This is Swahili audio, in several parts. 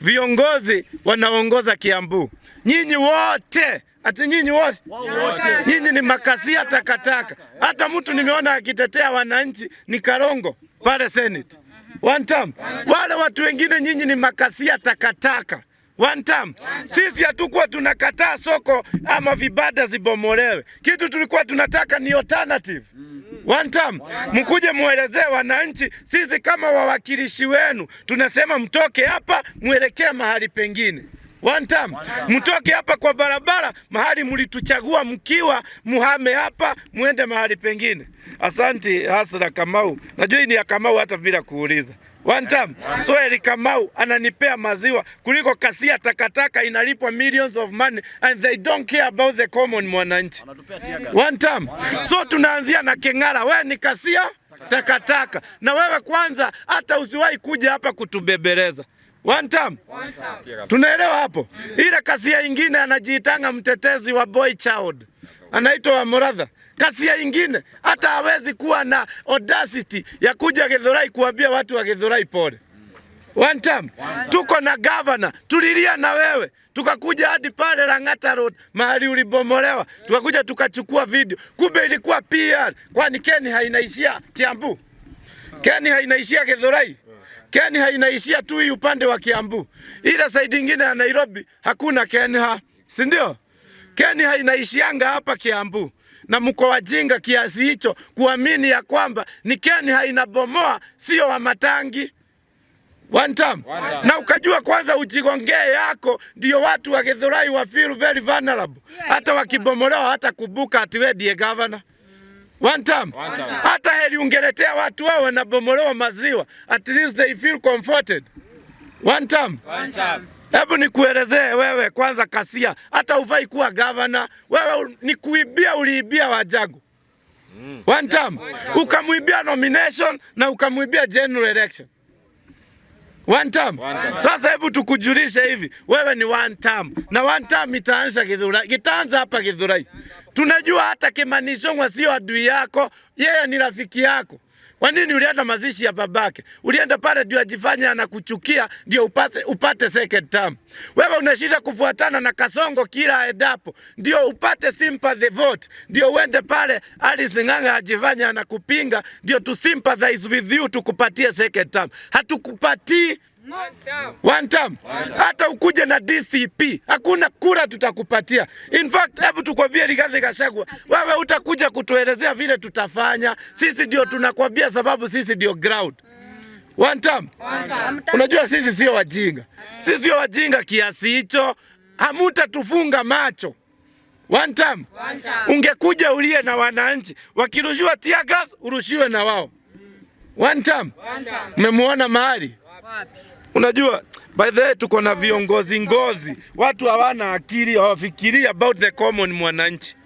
viongozi wanaongoza Kiambu, nyinyi wote ati nyinyi wote, nyinyi ni makasia takataka. Hata mtu nimeona akitetea wananchi ni Karongo pale Senate one time. Wale watu wengine nyinyi ni makasia takataka one time. Sisi hatukuwa tunakataa soko ama vibada zibomolewe, kitu tulikuwa tunataka ni alternative wantam mkuje muelezee wananchi, sisi kama wawakilishi wenu tunasema mtoke hapa mwelekee mahali pengine. wantam Mtoke hapa kwa barabara mahali mlituchagua mkiwa, muhame hapa muende mahali pengine. Asanti Hasra Kamau, najua ni ya Kamau hata bila kuuliza. One time. Sweri Kamau ananipea maziwa kuliko kasia takataka inalipwa millions of money and they don't care about the common mwananchi. One time. So tunaanzia na Keng'ara, wewe ni kasia takataka taka. Na wewe kwanza hata usiwahi kuja hapa kutubebeleza. One time. Tunaelewa hapo. Ile kasia ingine anajiitanga mtetezi wa boy child. Anaitwa Muratha. Kasia ingine hata hawezi kuwa na audacity ya kuja Githurai kuambia watu wa Githurai pole. One time. One time. Tuko na gavana, tulilia na wewe, tukakuja hadi pale Lang'ata Road mahali ulibomolewa, tukakuja tukachukua video, kumbe ilikuwa PR. Kwani Keni hainaishia Kiambu? Keni hainaishia Githurai? Keni hainaishia tu hii upande wa Kiambu, ila side nyingine ya Nairobi hakuna Keni ha, si ndio? Keni hainaishianga hapa Kiambu na mko wajinga kiasi hicho kuamini ya kwamba ni Nikeni hainabomoa sio wa Matangi One time. One time. Na ukajua kwanza ujigongee yako ndio watu wa Githurai wa feel very vulnerable. Hata wakibomolewa hata kubuka ati wewe ndiye governor. One time. One time. Hata heli ungeletea watu wao wanabomolewa maziwa. At least they feel comforted. One time. One time. Hebu nikuelezee wewe kwanza, Kasia, hata uvai kuwa gavana wewe, ni kuibia. Uliibia Wajagu one time, ukamwibia nomination na ukamwibia general election one time. Sasa hebu tukujulishe hivi, wewe ni one time na one time itaanza Githurai, kitaanza hapa Githurai. Tunajua hata Kimani Ichung'wah sio adui yako, yeye ni rafiki yako. Kwa nini ulienda mazishi ya babake? Ulienda pale ndio ajifanye anakuchukia ndio upate, upate second term. Wewe unashinda kufuatana na Kasongo kila endapo ndio upate sympathy vote, ndio uende pale Alice Ng'ang'a ajifanye anakupinga ndio tu sympathize with you tukupatie second term. Hatukupatii one term. Hata ukuje na DCP hakuna kura tutakupatia. In fact, hebu tukwambie Rigathi Gachagua, wewe utakuja kutuelezea vile tutafanya sisi, ndio tunakwambia sababu sisi ndio ground one term. Unajua sisi sio wajinga, sisi sio wajinga kiasi hicho, Hamuta tufunga macho. One term. Ungekuja ulie na wananchi wakirushiwa tear gas urushiwe na wao. One term. One Umemuona mahali? Wapi? Unajua, by the way tuko na viongozi ngozi, watu hawana akili, hawafikiri about the common mwananchi.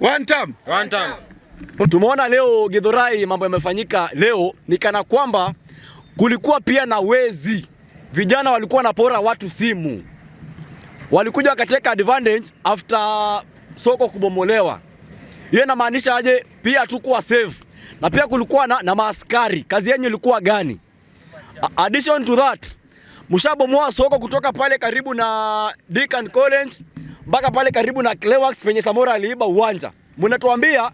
One time. One time. Tumeona leo Githurai mambo yamefanyika leo, ni kana kwamba kulikuwa pia na wezi. Vijana walikuwa wanapora watu simu, walikuja wakateka advantage after soko kubomolewa. Hiyo inamaanisha aje? Pia tukuwa safe na pia kulikuwa na, na maaskari. Kazi yenyu ilikuwa gani? Addition to that, mshabomoa soko kutoka pale karibu na Deakin College mpaka pale karibu na Clayworks penye Samora aliiba uwanja. Mnatuambia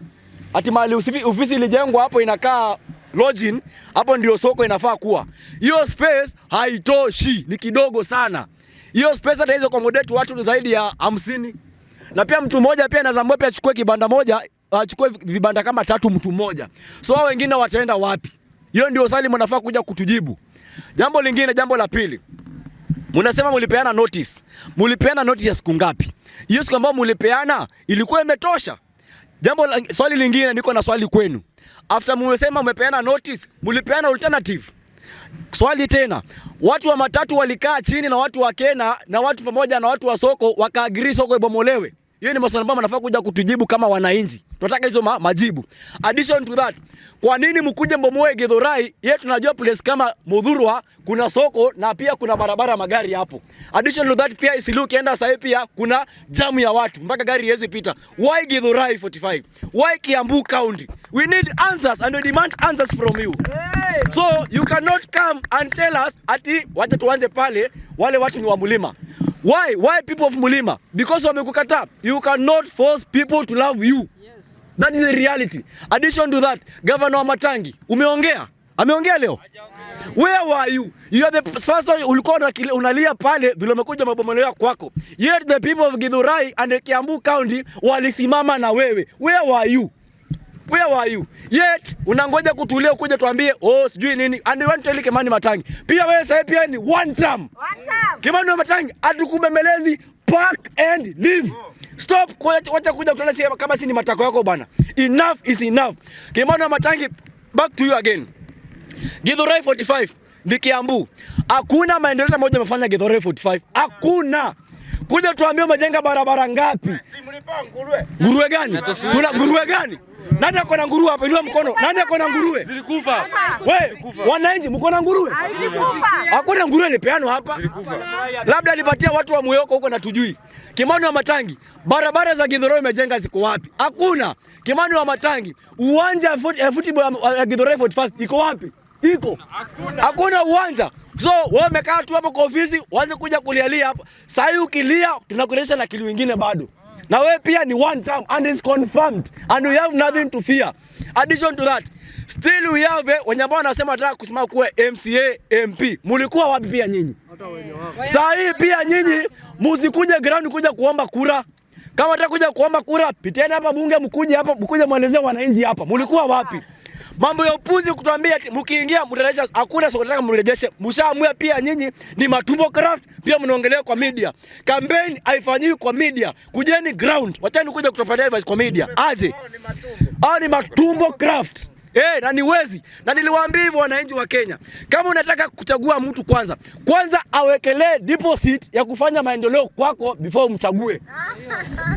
ati mahali ofisi ilijengwa hapo inakaa lodging, hapo ndio soko inafaa kuwa. Hiyo space haitoshi, ni kidogo sana. Hiyo space hata hizo accommodate watu zaidi ya hamsini. Na pia mtu mmoja pia anazambua pia achukue kibanda moja, achukue vibanda kama tatu mtu mmoja. So wengine wataenda wapi? Hiyo ndio swali mnafaa kuja kutujibu. Jambo lingine, jambo la pili, mnasema mlipeana notice. Mlipeana notice ya siku ngapi? Hiyo siku ambayo mulipeana ilikuwa imetosha? Jambo la, swali lingine, niko na swali kwenu. After mmesema mmepeana notice, mulipeana alternative. Swali tena, watu wa matatu walikaa chini na watu wa Kena na watu pamoja na watu wa soko wakaagiri soko ibomolewe. Hiyo ni maswali ambayo mnafaa kuja kutujibu kama wananchi. Tunataka hizo ma majibu. Addition to that, kwa nini mkuje mbomoe Githurai? Yeye tunajua place kama Mudhurwa kuna soko na pia kuna barabara magari hapo. Addition to that pia Isilu kienda sahi pia kuna jamu ya watu mpaka gari iweze pita. Why Githurai 45? Why Kiambu County? We need answers and we demand answers from you. So you cannot come and tell us ati wacha tuanze pale wale watu ni wa mlima. Why? Why people of Mulima? Because wamekukataa. You cannot force people to love you. Yes. That is the reality. Addition to that, Governor wa Matangi, umeongea? Ameongea leo? Where were you? You are the first one ulikuwa unalia pale vile umekuja mabomano ya kwako. Yet the people of Githurai and Kiambu County walisimama na wewe. Where were you? where are you? Yet unangoja kutulia kuja tuambie oh sijui nini. And want to like Kimani Matangi. Pia wewe sasa pia ni one term. One term. Kimani Matangi atukubembelezi park and leave. Stop wacha kuja kutana sisi kama si ni matako yako bana. Enough is enough. Kimani Matangi back to you again. Githurai 45 ni Kiambu. Hakuna maendeleo moja amefanya Githurai 45. Hakuna. Kuja tuambie umejenga barabara ngapi? Nguruwe gani? Tuna nguruwe gani? Nani ako na nguruwe hapa? Inua mkono. Nani ako na nguruwe? Zilikufa. Wewe, wananchi mko na nguruwe? Zilikufa. Hakuna nguruwe lipeano hapa. Zilikufa. Labda alipatia watu wa Muyoko huko na tujui. Kimani wa Matangi, barabara za Githoroi imejenga ziko wapi? Hakuna. Kimani wa Matangi, uwanja wa eh, football ya Githoroi 45 iko wapi? Iko. Hakuna uwanja. So wewe umekaa tu hapo kwa ofisi, uanze kuja kulialia hapa. Sasa ukilia tunakuelesha na kilio ingine bado na wewe pia ni one time and it's confirmed and we have nothing to fear. Addition to that, still we have eh, wenye ambao wanasema wanataka kusimama kuwe MCA MP. Mulikuwa wapi pia nyinyi? Saa hii pia nyinyi musikuje ground kuja kuomba kura. Kama mtakuja kuomba kura, pitieni hapa bunge mkuje hapa mkuje mwelezee wananchi hapa. Mulikuwa wapi? Ah. Mambo ya upuzi kutuambia ati mkiingia mtarejesha, hakuna soko, nataka mrejeshe. Mshaamua pia nyinyi ni matumbo craft, pia mnaongelea kwa media. Campaign haifanyiwi kwa media. Kujeni ground. Wacheni kuja kutupatia advice kwa media. Aje. Hao ni matumbo craft. Eh, na niwezi. Na niliwaambia hivyo wananchi wa Kenya. Kama unataka kuchagua mtu kwanza, kwanza awekelee deposit ya kufanya maendeleo kwako before umchague.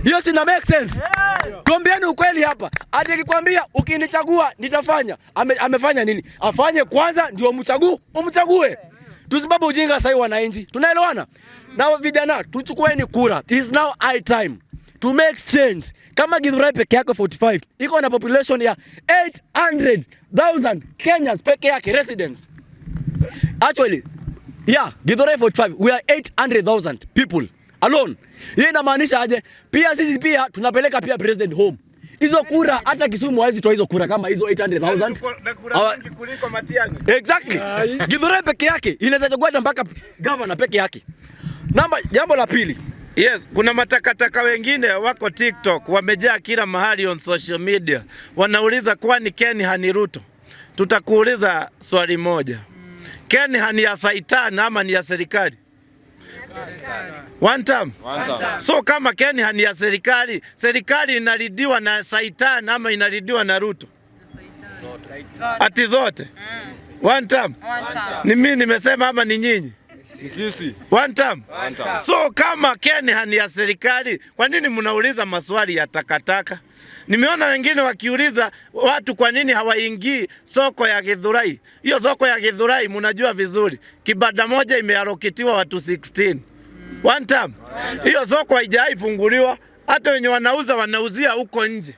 Hiyo si na make sense. Tuambieni ukweli hapa. Hadi akikwambia ukinichagua nitafanya. Ame, amefanya nini? Afanye kwanza ndio umchague, umchague. Tusibabu ujinga sasa hivi wananchi. Tunaelewana? Na vijana, tuchukueni kura. It is now high time to make change. Kama Githurai peke yako 45 iko na population ya 800,000 Kenyans peke yake residents. Actually, yeah, Githurai 45 we are 800,000 people alone. Hiyo inamaanisha aje? Pia sisi pia tunapeleka pia president home. Hizo kura hata Kisumu hawezi toa hizo kura kama hizo 800,000 yaani Exactly. Githurai peke yake inaweza chagua mpaka governor peke yake. Namba jambo la pili Yes, kuna matakataka wengine wako TikTok wamejaa kila mahali on social media, wanauliza kwani Ken hani Ruto? Tutakuuliza swali moja, Ken hani ya saitani ama ni ya serikali? One time. One time. So kama Ken hani ya serikali, serikali inaridiwa na saitani ama inaridiwa na Ruto? Ati zote. Mm. One time. One time. Ni mimi nimesema ama ni nyinyi? One time. One time. So kama Kenya ni ya serikali, kwa nini mnauliza maswali ya takataka? Nimeona wengine wakiuliza watu kwa nini hawaingii soko ya Githurai. Hiyo soko ya Githurai mnajua vizuri, kibada moja imearokitiwa watu 16. One time. Hiyo soko funguliwa, hata wenye wanauza wanauzia huko nje.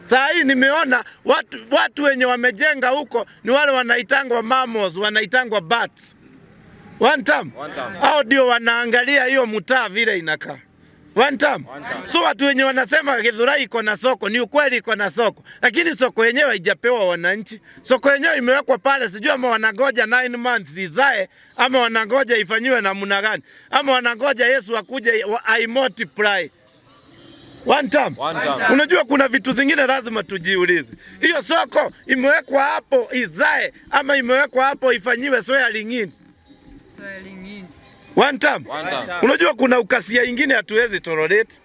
Saa hii nimeona watu, watu wenye wamejenga huko ni wale wanaitangwa mamos, wanaitangwa bats One time. Hao time. ndio wanaangalia hiyo mtaa vile inakaa. One time. One time. So watu wenye wanasema Githurai iko na soko ni ukweli, iko na soko, lakini soko yenyewe haijapewa wananchi. Soko yenyewe imewekwa pale, sijui ama wanangoja 9 months izae, ama wanangoja ifanyiwe namna gani, ama wanangoja Yesu akuje i multiply. One time. One time. Unajua kuna vitu zingine lazima tujiulize. Hiyo soko imewekwa hapo izae ama imewekwa hapo ifanyiwe swea lingine One time. One time. Unajua kuna ukasia ingine hatuwezi tolerate.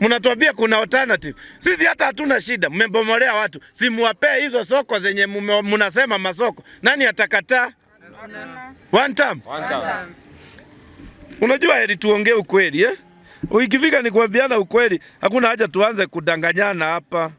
Mnatuambia kuna alternative. Sisi hata hatuna shida. Mmebomolea watu. Si muwapee hizo soko zenye mnasema masoko. Nani atakataa? One time. One time. Unajua heri tuongee ukweli eh? Ikifika ni kuambiana ukweli. Hakuna haja tuanze kudanganyana hapa.